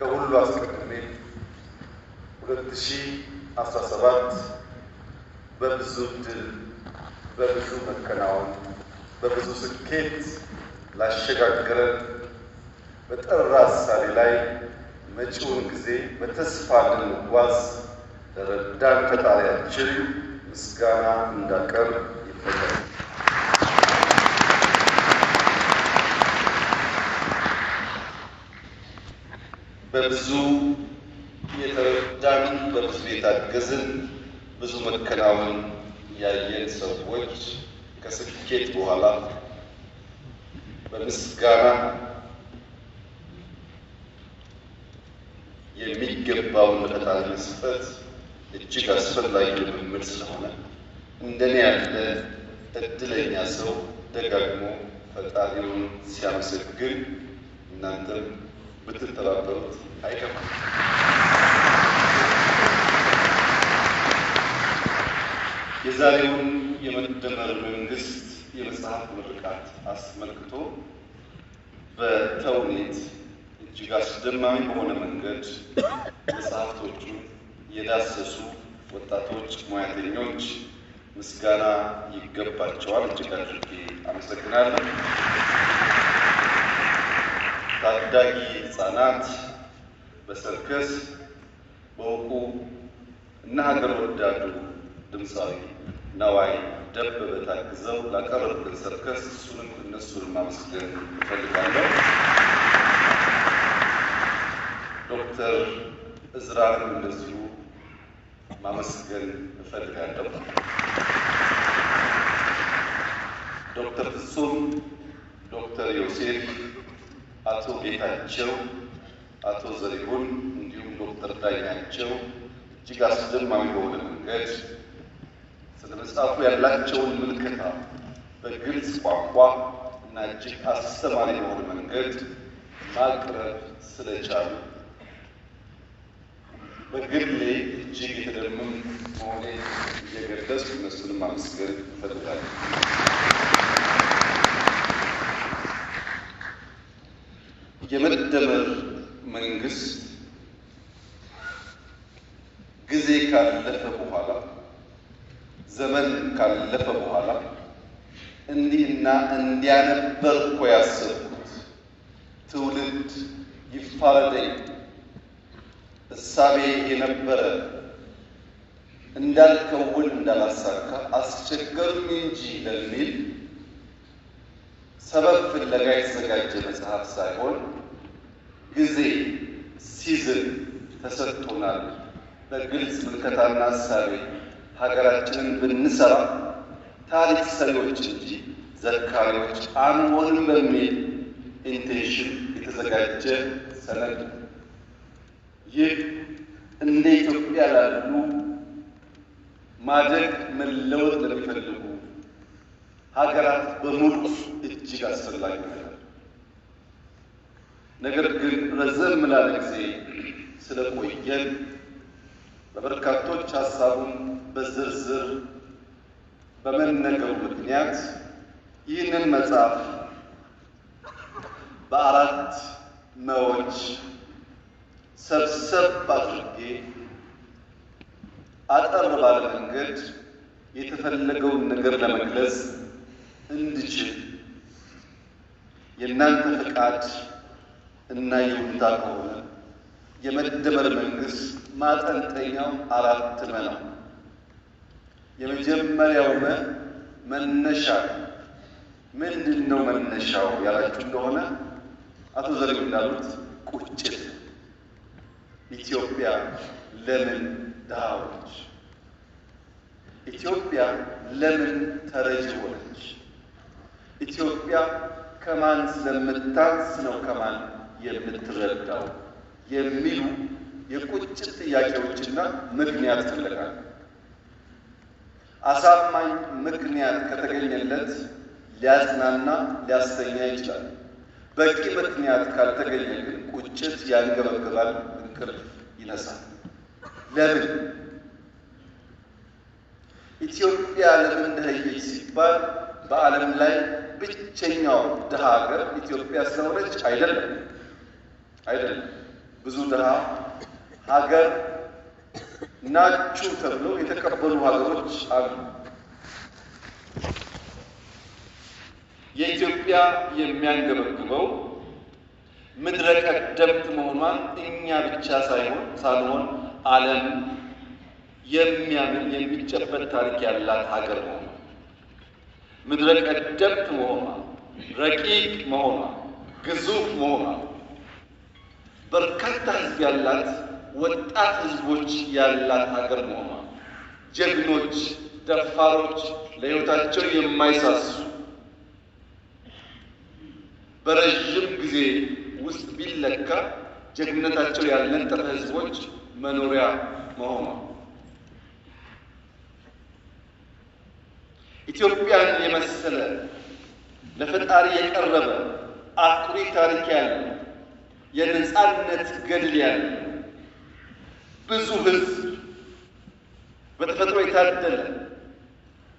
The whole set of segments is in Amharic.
ከሁሉ አስቀድሜ 2017 በብዙ ድል፣ በብዙ መከናወን፣ በብዙ ስኬት ላሸጋገረን በጠራ አሳሌ ላይ መጪውን ጊዜ በተስፋ እንድንጓዝ ለረዳን ፈጣሪያችን ምስጋና እንዳቀርብ ይፈለጋል። በብዙ የተረዳን በብዙ የታገዝን ብዙ መከናወን ያየን ሰዎች ከስኬት በኋላ በምስጋና የሚገባውን ለፈጣሪ መስጠት እጅግ አስፈላጊ ልምምድ ስለሆነ እንደኔ ያለ እድለኛ ሰው ደጋግሞ ፈጣሪውን ሲያመሰግን እናንተም ብትተባበሩት አይከፋም። የዛሬውን የመደመር መንግስት የመጽሐፍ ምርቃት አስመልክቶ በተውኔት እጅግ አስደማሚ በሆነ መንገድ መጽሐፍቶቹ የዳሰሱ ወጣቶች ሙያተኞች ምስጋና ይገባቸዋል። እጅግ አድርጌ አመሰግናለሁ። ታዳጊ ህጻናት በሰርከስ በእውቁ እና ሀገር ወዳዱ ድምፃዊ ነዋይ ደበበ ታግዘው ላቀረቡልን ሰርከስ እሱንም እነሱን ማመስገን እፈልጋለሁ። ዶክተር እዝራን እንደዚሁ ማመስገን እፈልጋለሁ። ዶክተር ፍጹም፣ ዶክተር ዮሴፍ አቶ ጌታቸው፣ አቶ ዘሪሁን እንዲሁም ዶክተር ዳኛቸው እጅግ አስደማሚ በሆነ መንገድ ስለ መጽሐፉ ያላቸውን ምልከታ በግልጽ ቋንቋ እና እጅግ አስተማሪ በሆነ መንገድ ማቅረብ ስለቻሉ በግሌ እጅግ የተደምም መሆኔን እየገለጽኩ እነሱንም አመስገን እፈልጋለሁ። የመደመር መንግስት ጊዜ ካለፈ በኋላ ዘመን ካለፈ በኋላ እንዲህና እኮ ያሰብኩት ትውልድ ይፋረደኝ እሳቤ የነበረ እንዳልከውን እንዳላሳካ አስቸገሩኝ እንጂ ለሚል ሰበብ ፍለጋ የተዘጋጀ መጽሐፍ ሳይሆን ጊዜ ሲዝን ተሰጥቶናል። በግልጽ ምልከታና እሳቤ ሀገራችንን ብንሰራ ታሪክ ሰሪዎች እንጂ ዘካሪዎች አንሆንም በሚል ኢንቴንሽን የተዘጋጀ ሰነድ ነው። ይህ እንደ ኢትዮጵያ ላሉ ማደግ መለወጥ ለሚፈልጉ ሀገራት በሙሉ እጅግ አስፈላጊ ነው። ነገር ግን ረዘም ላለ ጊዜ ስለቆየን በበርካቶች ሀሳቡን በዝርዝር በመነገሩ ምክንያት ይህንን መጽሐፍ በአራት መዎች ሰብሰብ አድርጌ አጠር ባለ መንገድ የተፈለገውን ነገር ለመግለጽ እንድችል የእናንተ ፈቃድ እና ይሁንታ ከሆነ የመደመር መንግስት ማጠንጠኛው አራት መ ነው። የመጀመሪያው መ መነሻ ምንድን ነው? መነሻው ያላችሁ እንደሆነ አቶ ዘሪው እንዳሉት ቁጭት ኢትዮጵያ ለምን ድሃ ሆነች? ኢትዮጵያ ለምን ተረጅ ሆነች? ኢትዮጵያ ከማን ስለምታንስ ነው? ከማን የምትረዳው የሚሉ የቁጭት ጥያቄዎችና ምክንያት ፍለጋ አሳማኝ ምክንያት ከተገኘለት ሊያዝናና ሊያሰኛ ይችላል። በቂ ምክንያት ካልተገኘ ግን ቁጭት ያንገበግባል፣ እንቅልፍ ይነሳል። ለምን ኢትዮጵያ ለምን ደኸየች ሲባል በዓለም ላይ ብቸኛው ድሃ ሀገር ኢትዮጵያ ስለሆነች አይደለም። አይደለም። ብዙ ድሃ ሀገር ናችሁ ተብለው የተቀበሉ ሀገሮች አሉ። የኢትዮጵያ የሚያንገበግበው ምድረ ቀደምት መሆኗን እኛ ብቻ ሳይሆን ሳልሆን ዓለም የሚያምን የሚጨበት ታሪክ ያላት ሀገር መሆኗ፣ ምድረ ቀደምት መሆኗ፣ ረቂቅ መሆኗ፣ ግዙፍ መሆኗ በርካታ ህዝብ ያላት ወጣት ህዝቦች ያላት ሀገር መሆኗ ጀግኖች፣ ደፋሮች፣ ለህይወታቸው የማይሳሱ በረዥም ጊዜ ውስጥ ቢለካ ጀግነታቸው ያልነጠፈ ህዝቦች መኖሪያ መሆኗ ኢትዮጵያን የመሰለ ለፈጣሪ የቀረበ አኩሪ ታሪክ ያለው የነፃነት ገድል ያለ ብዙ ህዝብ በተፈጥሮ የታደለ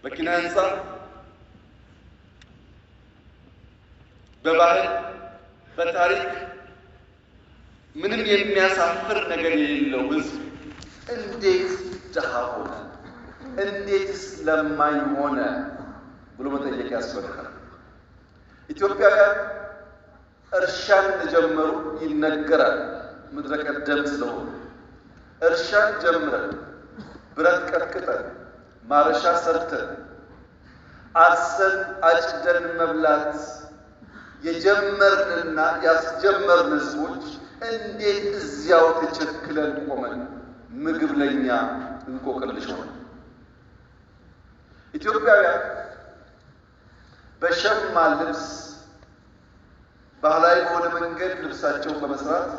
በኪነ ህንፃ፣ በባህል፣ በታሪክ ምንም የሚያሳፍር ነገር የሌለው ህዝብ እንዴት ድሃ ሆነ? እንዴትስ ለማኝ ሆነ? ብሎ መጠየቅ ያስፈልጋል። ኢትዮጵያውያን እርሻን እንደጀመሩ ይነገራል። ምድረ ቀደም ስለሆነ እርሻን ጀምረን ብረት ቀጥቅጠን ማረሻ ሰርተን አርሰን አጭደን መብላት የጀመርንና ያስጀመርን ህዝቦች እንዴት እዚያው ተቸክለን ቆመን ምግብ ለኛ እንቆቅልሽ ሆነ? ኢትዮጵያውያን በሸማ ልብስ ባህላዊ በሆነ መንገድ ልብሳቸውን በመስራት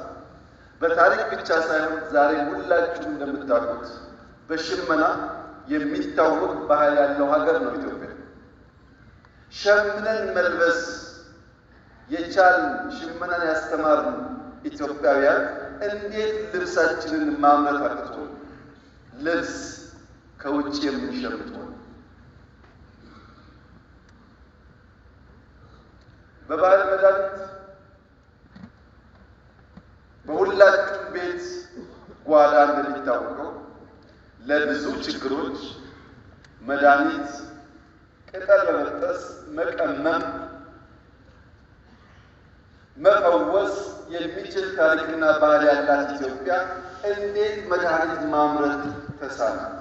በታሪክ ብቻ ሳይሆን ዛሬ ሁላችሁም እንደምታውቁት በሽመና የሚታወቅ ባህል ያለው ሀገር ነው ኢትዮጵያ። ሸምነን መልበስ የቻል ሽመናን ያስተማርን ኢትዮጵያውያን እንዴት ልብሳችንን ማምረት አቅቶ ልብስ ከውጭ የምንሸምት ሆነ? በባህል መድኃኒት በሁላችሁም ቤት ጓዳ እንደሚታወቀው ለብዙ ችግሮች መድኃኒት ቅጠል በመጠስ መቀመም መፈወስ የሚችል ታሪክና ባህል ያላት ኢትዮጵያ እንዴት መድኃኒት ማምረት ተሳናት?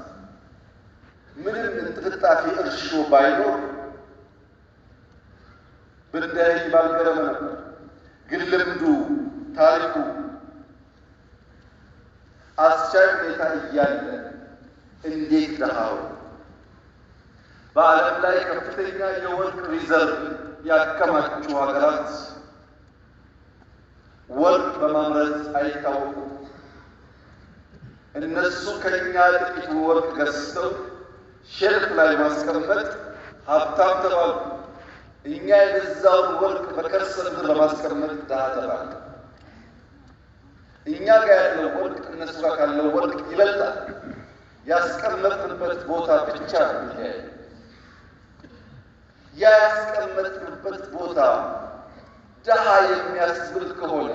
ምንም እንጥፍጣፊ እርሾ ባይኖር በድንጋይ ባልገረመ ነበር። ግን ልምዱ፣ ታሪኩ አስቻይ ሁኔታ እያለ እንዴት ደሃው በዓለም ላይ ከፍተኛ የወርቅ ሪዘርቭ ያከማቹ ሀገራት ወርቅ በማምረት አይታወቁም። እነሱ ከኛ ጥቂቱ ወርቅ ገዝተው ሼልፍ ላይ ማስቀመጥ ሀብታም ተባሉ። እኛ የበዛውን ወርቅ በከርሰ ምድር ለማስቀመጥ ድሃ ተባለ። እኛ ጋር ያለው ወርቅ እነሱ ጋር ካለው ወርቅ ይበልጣል። ያስቀመጥንበት ቦታ ብቻ ነው። ያ ያስቀመጥንበት ቦታ ድሃ የሚያስብል ከሆነ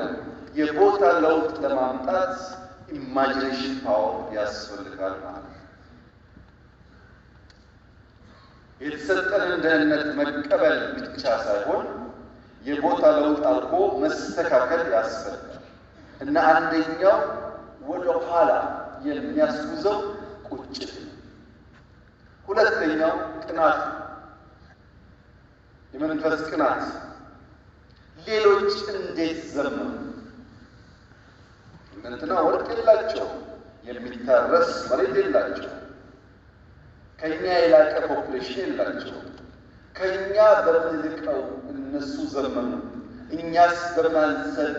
የቦታ ለውጥ ለማምጣት ኢማጂኔሽን ፓወር ያስፈልጋል ማለት ነው። የተሰጠንን ደህንነት መቀበል ብቻ ሳይሆን የቦታ ለውጥ አድርጎ መስተካከል ያስፈልጋል እና አንደኛው ወደ ኋላ የሚያስጉዘው ቁጭት ነው። ሁለተኛው ቅናት የመንፈስ ቅናት። ሌሎች እንዴት ዘመኑ እንትና ወርቅ የላቸው የሚታረስ መሬት የላቸው ከኛ የላቀ ፖፕሌሽን የላቸው። ከኛ በምንልቀው እነሱ ዘመኑ፣ እኛስ በማንሰል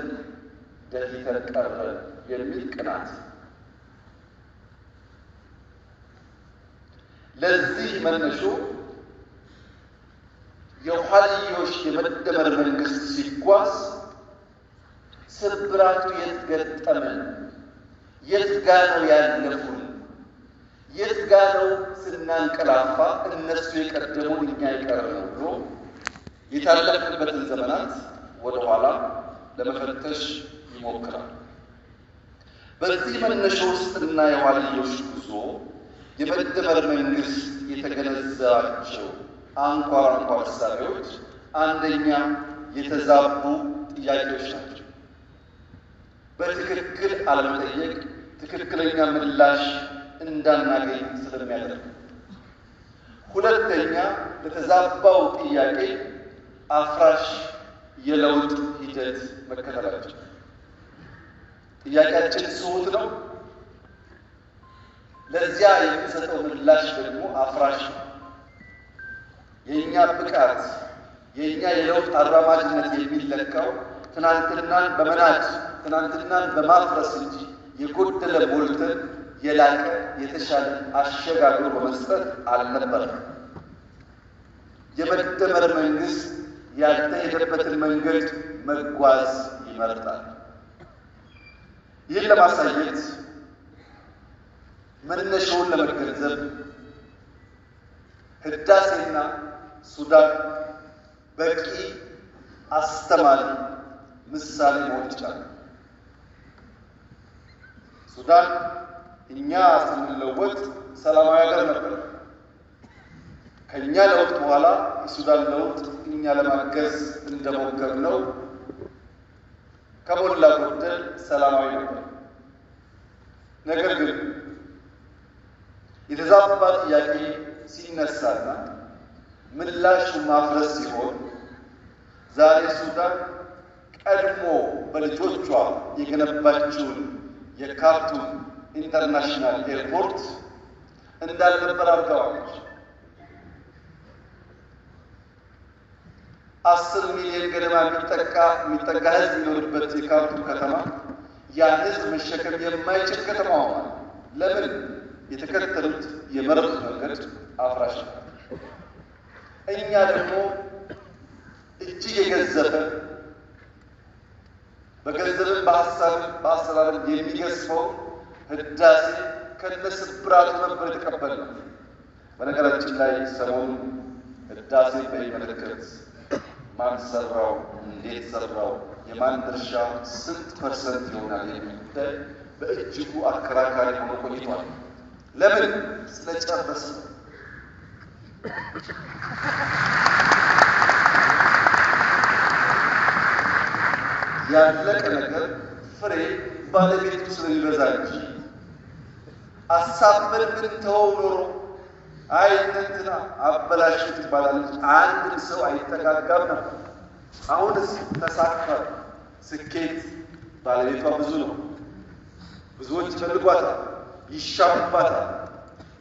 ደፊተን ቀረ የሚል ቅናት ለዚህ መነሾ የኋልዮሽ የመደመር መንግስት ሲጓዝ ስብራቱ የት ገጠመን? የት ጋ ነው ያለፉን? የት ጋ ነው ስናንቀላፋ እነሱ የቀደሙን እኛ ነው ብሎ የታለፍንበትን ዘመናት ወደኋላ ለመፈተሽ ይሞክራል። በዚህ መነሾ ውስጥ እና የኋልዮሽ ጉዞ የመደመር መንግስት የተገነዘባቸው አንኳር አንኳር ሳቢዎች አንደኛ የተዛቡ ጥያቄዎች ናቸው። በትክክል አለመጠየቅ ትክክለኛ ምላሽ እንዳናገኝ ስለሚያደርግ፣ ሁለተኛ ለተዛባው ጥያቄ አፍራሽ የለውጥ ሂደት መከተላቸው። ጥያቄያችን ስሁት ነው። ለዚያ የሚሰጠው ምላሽ ደግሞ አፍራሽ ነው። የእኛ ብቃት የእኛ የለውጥ አራማጅነት የሚለካው ትናንትናን በመናድ ትናንትናን በማፍረስ እንጂ የጎደለ ሞልተን የላቀ የተሻለ አሸጋግሮ በመስጠት አልነበረም። የመደመር መንግስት ያልተሄደበትን መንገድ መጓዝ ይመርጣል። ይህን ለማሳየት መነሻውን ለመገንዘብ ህዳሴና ሱዳን በቂ አስተማሪ ምሳሌ መሆን ይቻላል። ሱዳን እኛ ስንለወጥ ሰላማዊ ሀገር ነበር። ከእኛ ለውጥ በኋላ የሱዳን ለውጥ እኛ ለማገዝ እንደሞከር ነው ከሞላ ጎደል ሰላማዊ ነበር። ነገር ግን የተዛባ ጥያቄ ሲነሳና ምላሹ ማፍረስ ሲሆን ዛሬ ሱዳን ቀድሞ በልጆቿ የገነባችውን የካርቱም ኢንተርናሽናል ኤርፖርት እንዳልነበር አድርገዋለች። አስር ሚሊዮን ገደማ የሚጠጋ የሚጠጋ ህዝብ የሚኖርበት የካርቱም ከተማ ያን ህዝብ መሸከም የማይችል ከተማ ሆኗል። ለምን? የተከተሉት የመረጡት መንገድ አፍራሽ ነው። እኛ ደግሞ እጅግ የገዘፈ በገንዘብም በሀሳብም በአሰራርም የሚገዝፈው ህዳሴ ከነስብራቱ ነበር ነው። በነገራችን ላይ ሰሞኑን ህዳሴ በሚመለከት ማን ሰራው፣ እንዴት ሰራው፣ የማን ድርሻው ስንት ፐርሰንት ይሆናል የሚል ጉዳይ በእጅጉ አከራካሪ ሆኖ ቆይቷል። ለምን ስለጨረስ ነው። ያለቀ ነገር ፍሬ ባለቤቱ ስለሚበዛ እንጂ አሳበን ተው ኖሮ አይ እንትና አበላሽ ትባላለች። አንድ ሰው አይጠጋጋም ነበር። አሁንስ ተሳክቷል። ስኬት ባለቤቷ ብዙ ነው። ብዙዎች ይፈልጓታል፣ ይሻሙባታል።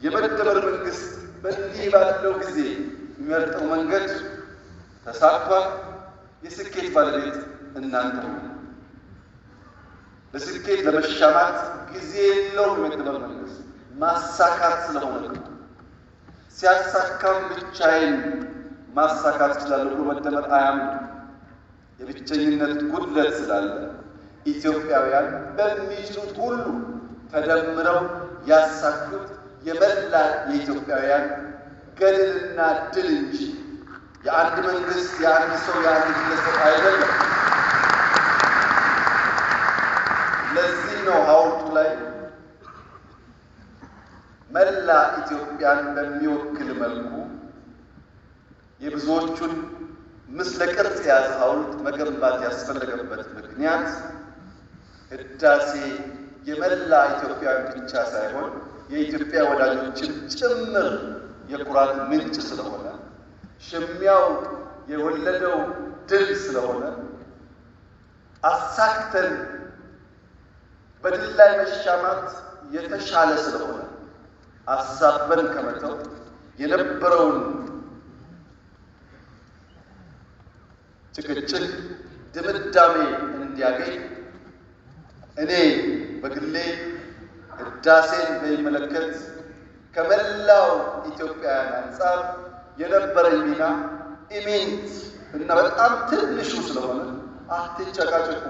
የመደመር መንግስት በእንዲህ ባለው ጊዜ የሚመርጠው መንገድ ተሳክቷል። የስኬት ባለቤት እናንተ ነው። ስኬት ለመሻማት ጊዜ የለውም የምትለው መንግስት ማሳካት ስለሆነ ሲያሳካም ብቻዬን ማሳካት እችላለሁ ብሎ መደመር አያምንም። የብቸኝነት ጉድለት ስላለ ኢትዮጵያውያን በሚችሉት ሁሉ ተደምረው ያሳኩት የመላ የኢትዮጵያውያን ገድልና ድል እንጂ የአንድ መንግስት፣ የአንድ ሰው፣ የአንድ ግለሰብ አይደለም። ለዚህ ነው ሐውልቱ ላይ መላ ኢትዮጵያን በሚወክል መልኩ የብዙዎቹን ምስለ ቅርጽ የያዘ ሐውልት መገንባት ያስፈለገበት ምክንያት ህዳሴ የመላ ኢትዮጵያን ብቻ ሳይሆን የኢትዮጵያ ወዳጆችን ጭምር የኩራት ምንጭ ስለሆነ ሽሚያው የወለደው ድል ስለሆነ አሳክተን በድል ላይ መሻማት የተሻለ ስለሆነ አሳበን ከመተው የነበረውን ጭቅጭቅ ድምዳሜ እንዲያገኝ እኔ በግሌ ህዳሴን በሚመለከት ከመላው ኢትዮጵያውያን አንጻር የነበረኝ ሚና ኢሜንት እና በጣም ትንሹ ስለሆነ አትጨቃጨቁ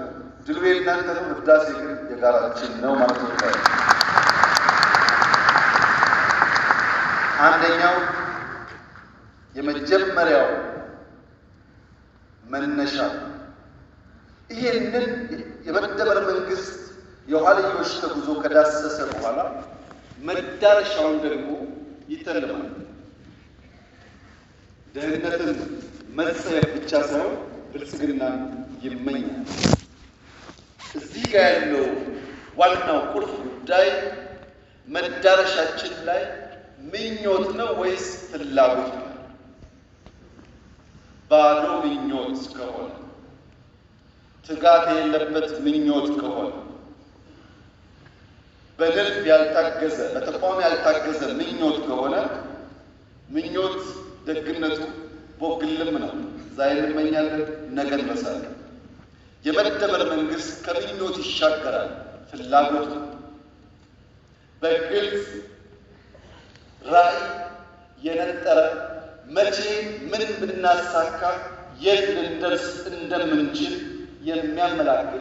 ድልቤ እና ህዳሴ ግን የጋራችን ነው ማለት ነው። አንደኛው የመጀመሪያው መነሻ ይሄንን የመደመር መንግስት የኋልዮች ተጉዞ ከዳሰሰ በኋላ መዳረሻውን ደግሞ ይተልማል። ደህንነትን መጸየፍ ብቻ ሳይሆን ብልጽግናን ይመኛል። እዚህ ጋር ያለው ዋናው ቁልፍ ጉዳይ መዳረሻችን ላይ ምኞት ነው ወይስ ፍላጎት ነው? ባዶ ምኞት ከሆነ ትጋት የለበት ምኞት ከሆነ በንድፍ ያልታገዘ በተቋም ያልታገዘ ምኞት ከሆነ ምኞት ደግነቱ ቦግልም ነው። ዛሬ እንመኛለን፣ ነገ እንረሳለን። የመደመር መንግስት ከምኞት ይሻገራል ፍላጎት በግልጽ ራዕይ የነጠረ መቼ ምን ብናሳካ የት ልንደርስ እንደምንችል የሚያመላክት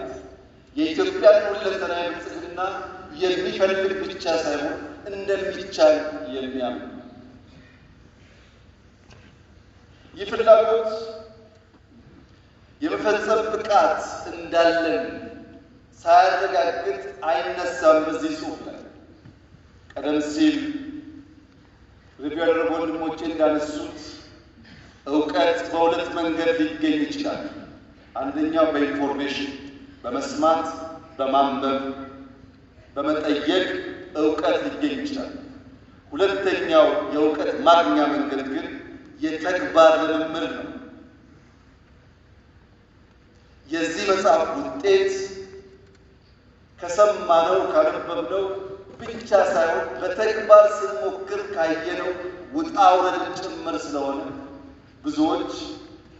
የኢትዮጵያን ሁለንተናዊ ብልጽግና የሚፈልግ ብቻ ሳይሆን እንደሚቻል የሚያምን ይህ ፍላጎት የመፈጸም ብቃት እንዳለን ሳያረጋግጥ አይነሳም። በዚህ ጽሑፍ ላይ ቀደም ሲል ሪቪው ያደረጉ ወንድሞቼ እንዳነሱት እውቀት በሁለት መንገድ ሊገኝ ይችላል። አንደኛው በኢንፎርሜሽን በመስማት በማንበብ በመጠየቅ እውቀት ሊገኝ ይችላል። ሁለተኛው የእውቀት ማግኛ መንገድ ግን የተግባር ልምምድ ነው። የዚህ መጽሐፍ ውጤት ከሰማነው ካነበብነው ብቻ ሳይሆን በተግባር ስንሞክር ካየነው ውጣ ውረድን ጭምር ስለሆነ ብዙዎች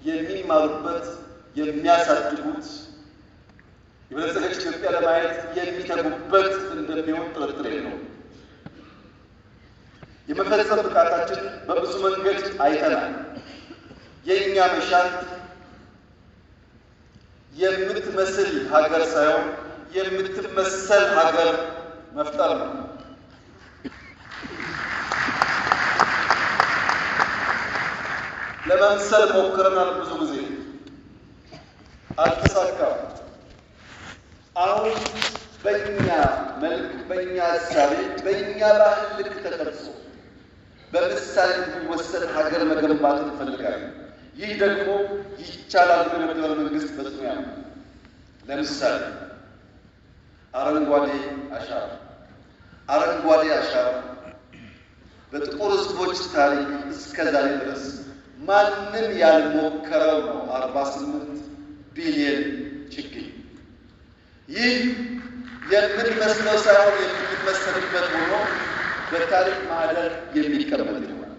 የሚማሩበት የሚያሳድጉት የበለጸገች ኢትዮጵያ ለማየት የሚተጉበት እንደሚሆን ጥርጥር ነው የመፈጸም ብቃታችን በብዙ መንገድ አይተናል። የእኛ መሻት የምትመስል ሀገር ሳይሆን የምትመሰል ሀገር መፍጠር ነው። ለመምሰል ሞክረናል ብዙ ጊዜ አልተሳካም። አሁን በእኛ መልክ፣ በእኛ እሳቤ፣ በእኛ ባህል ልክ ተቀርጾ በምሳሌ የሚወሰድ ሀገር መገንባት እንፈልጋለን። ይህ ደግሞ ይቻላል ብሎ የፌዴራል መንግስት በጽኑ ያምናል። ለምሳሌ አረንጓዴ አሻራ አረንጓዴ አሻራ በጥቁር ህዝቦች ታሪክ እስከ ዛሬ ድረስ ማንም ያልሞከረው ነው። አርባ ስምንት ቢሊየን ችግኝ ይህ የምንመስለው ሳይሆን የምንመሰልበት ሆኖ በታሪክ ማዕደር የሚቀመጥ ይሆናል።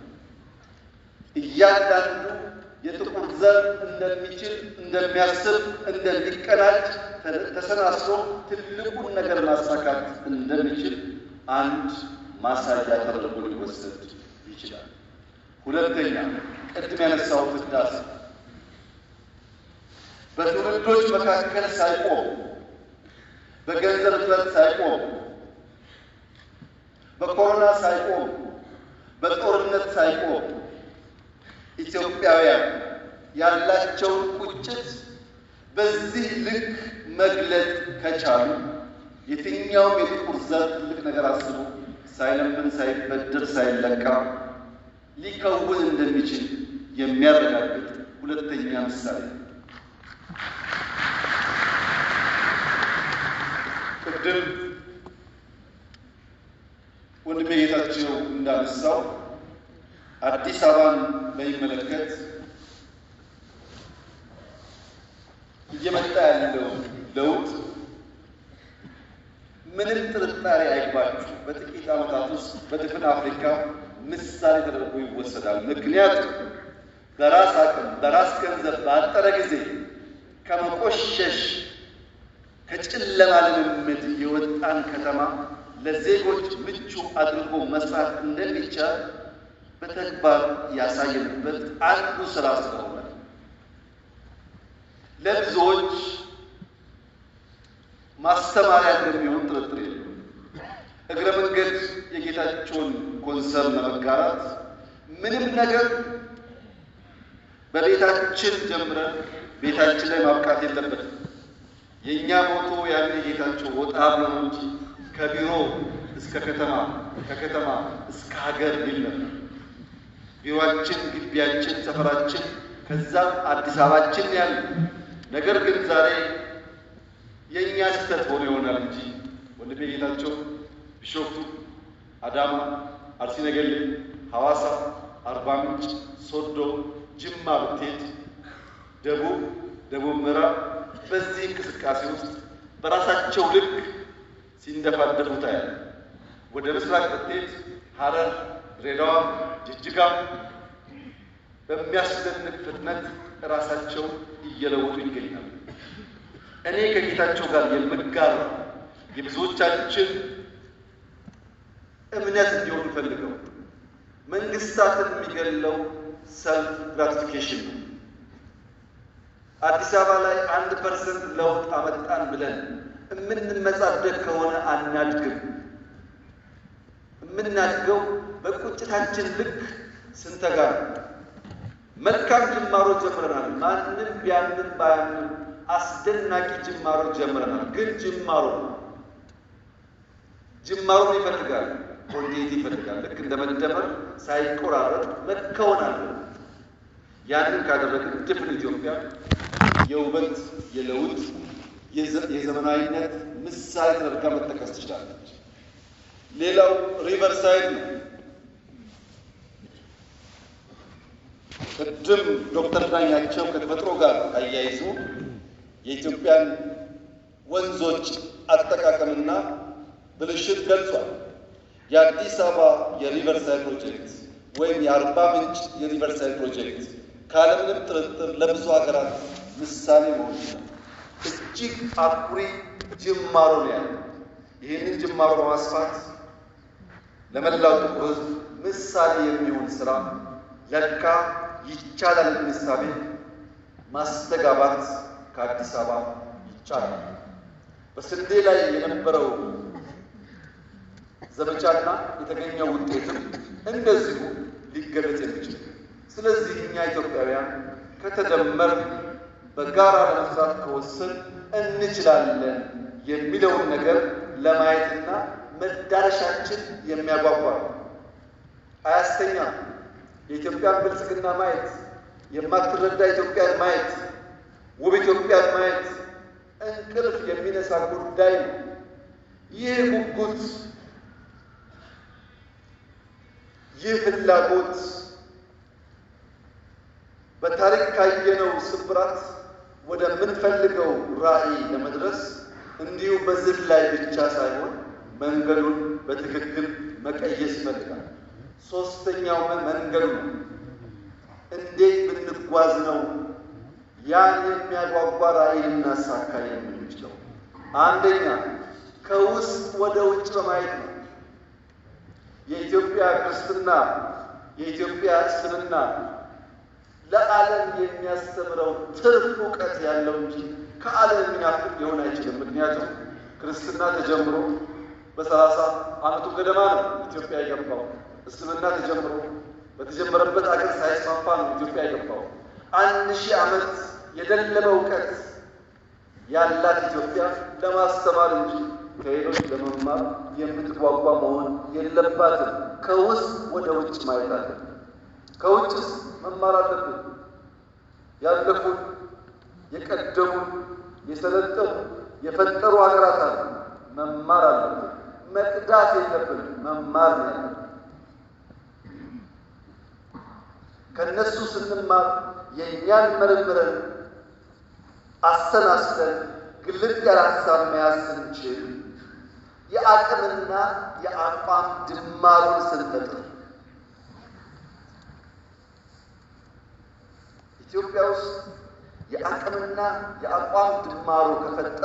እያንዳንዱ የጥቁር ዘር እንደሚችል እንደሚያስብ እንደሚቀናጅ ተሰናስሎ ትልቁን ነገር ማሳካት እንደሚችል አንድ ማሳያ ተደርጎ ሊወሰድ ይችላል። ሁለተኛ ቅድም ያነሳሁት ህዳሴ በትውልዶች መካከል ሳይቆም በገንዘብ እጥረት ሳይቆም በኮሮና ሳይቆም በጦርነት ሳይቆም ኢትዮጵያውያን ያላቸውን ቁጭት በዚህ ልክ መግለጥ ከቻሉ የትኛውም የጥቁር ዘር ትልቅ ነገር አስቦ ሳይለምን ሳይበደር ሳይለካ ሊከውን እንደሚችል የሚያረጋግጥ ሁለተኛ ምሳሌ። ቅድም ወንድሜ ጌታቸው እንዳነሳው አዲስ አበባን በሚመለከት እየመጣ ያለው ለውጥ ምንም ጥርጣሬ አይባችሁ፣ በጥቂት ዓመታት ውስጥ በድፍን አፍሪካ ምሳሌ ተደርጎ ይወሰዳል። ምክንያቱም በራስ አቅም በራስ ገንዘብ በአጠረ ጊዜ ከመቆሸሽ ከጨለማ ልምምድ የወጣን ከተማ ለዜጎች ምቹ አድርጎ መስራት እንደሚቻል በተግባር ያሳየንበት አንዱ ስራ ስለሆነ ለብዙዎች ማስተማሪያ እንደሚሆን ጥርጥር የለም። እግረ መንገድ የጌታቸውን ኮንሰርን ለመጋራት ምንም ነገር በቤታችን ጀምረን ቤታችን ላይ ማብቃት የለበትም። የእኛ ሞቶ ያን የጌታቸው ወጣ ብለን እንጂ ከቢሮ እስከ ከተማ ከከተማ እስከ ሀገር ይል ነበር። ቢሮአችን፣ ግቢያችን፣ ሰፈራችን ከዛም አዲስ አበባችን ያለ ነገር ግን ዛሬ የእኛ ስህተት ሆኖ ይሆናል እንጂ ወንድሜ ጌታቸው ቢሾፍቱ፣ አዳማ፣ አርሲ ነገሌ፣ ሐዋሳ፣ አርባ ምንጭ፣ ሶዶ፣ ጅማ ብትሄድ ደቡብ፣ ደቡብ ምዕራብ በዚህ እንቅስቃሴ ውስጥ በራሳቸው ልክ ሲንደፋደፉ ታያል። ወደ ምስራቅ ብትሄድ ሐረር ድሬዳዋ፣ ጅጅጋ በሚያስደንቅ ፍጥነት ራሳቸው እየለወጡ ይገኛሉ። እኔ ከጌታቸው ጋር የምጋራ የብዙዎቻችን እምነት እንዲሆን ፈልገው መንግስታትን የሚገለው ሰልፍ ግራቲፊኬሽን ነው። አዲስ አበባ ላይ አንድ ፐርሰንት ለውጥ አመጣን ብለን የምንመጻደቅ ከሆነ አናድግም። የምናድገው በቁጭታችን ልክ ስንተጋ መልካም ጅማሮ ጀምረናል። ማንም ቢያምን ባያምን አስደናቂ ጅማሮ ጀምረናል። ግን ጅማሮ ጅማሮን ይፈልጋል፣ ወንዴት ይፈልጋል። ልክ እንደ መደመር ሳይቆራረጥ መከወን አለ። ያንን ካደረግን ድፍን ኢትዮጵያ የውበት የለውጥ የዘመናዊነት ምሳሌ ተደርጋ መጠቀስ ትችላለች። ሌላው ሪቨር ነው። ቅድም ዶክተር ዳኛቸው ከተፈጥሮ ጋር አያይዙ የኢትዮጵያን ወንዞች አጠቃቀምና ብልሽት ገልጿል። የአዲስ አበባ የሪቨርሳይድ ፕሮጀክት ወይም የአርባ ምንጭ የሪቨርሳይድ ፕሮጀክት ከዓለምንም ጥርጥር ለብዙ ሀገራት ምሳሌ መሆን ነው። እጅግ አኩሪ ጅማሮ ነው ያለ። ይህንን ጅማሮ በማስፋት ለመላው ጥቁር ሕዝብ ምሳሌ የሚሆን ስራ ለካ ይቻላል ምሳሌ ማስተጋባት ከአዲስ አበባ ይቻላል። በስንዴ ላይ የነበረው ዘመቻና የተገኘው ውጤትም እንደዚሁ ሊገለጽ የሚችል ስለዚህ እኛ ኢትዮጵያውያን ከተደመር በጋራ ለመስራት ከወሰን እንችላለን የሚለውን ነገር ለማየትና መዳረሻችን የሚያጓጓ ነው። አያስተኛ የኢትዮጵያን ብልጽግና ማየት፣ የማትረዳ ኢትዮጵያን ማየት፣ ውብ ኢትዮጵያን ማየት እንቅልፍ የሚነሳ ጉዳይ ነው። ይህ ጉጉት፣ ይህ ፍላጎት በታሪክ ካየነው ስብራት ወደምንፈልገው ራዕይ ለመድረስ እንዲሁ በዝል ላይ ብቻ ሳይሆን መንገዱን በትክክል መቀየስ ይፈልጋል። ሶስተኛው መንገዱ ነው። እንዴት ብንጓዝ ነው ያን የሚያጓጓ ራዕይ ልናሳካ የምንችለው? አንደኛ ከውስጥ ወደ ውጭ በማየት ነው። የኢትዮጵያ ክርስትና የኢትዮጵያ እስልምና ለዓለም የሚያስተምረው ትርፍ እውቀት ያለው እንጂ ከዓለም የሚያፍቅ ሊሆን አይችልም። ምክንያቱም ክርስትና ተጀምሮ በሰላሳ አመቱ ገደማ ነው ኢትዮጵያ የገባው። እስልምና ተጀምሮ በተጀመረበት አገር ሳይስፋፋ ነው ኢትዮጵያ የገባው። አንድ ሺህ ዓመት የደለበ እውቀት ያላት ኢትዮጵያ ለማስተማር እንጂ ከሌሎች ለመማር የምትጓጓ መሆን የለባትም። ከውስጥ ወደ ውጭ ማየት አለብን። ከውጭስ መማር አለብን። ያለፉን የቀደሙን የሰለጠኑ የፈጠሩ ሀገራት አሉ መማር አለብን። መቅዳት የለብንም፣ መማር ነው። ከእነሱ ስንማር የእኛን መርምረን አሰናስለን ግልጥ ያለ ሀሳብ መያዝ ስንችል የአቅምና የአቋም ድማሩን ስንፈጥር ኢትዮጵያ ውስጥ የአቅምና የአቋም ድማሩ ከፈጠረ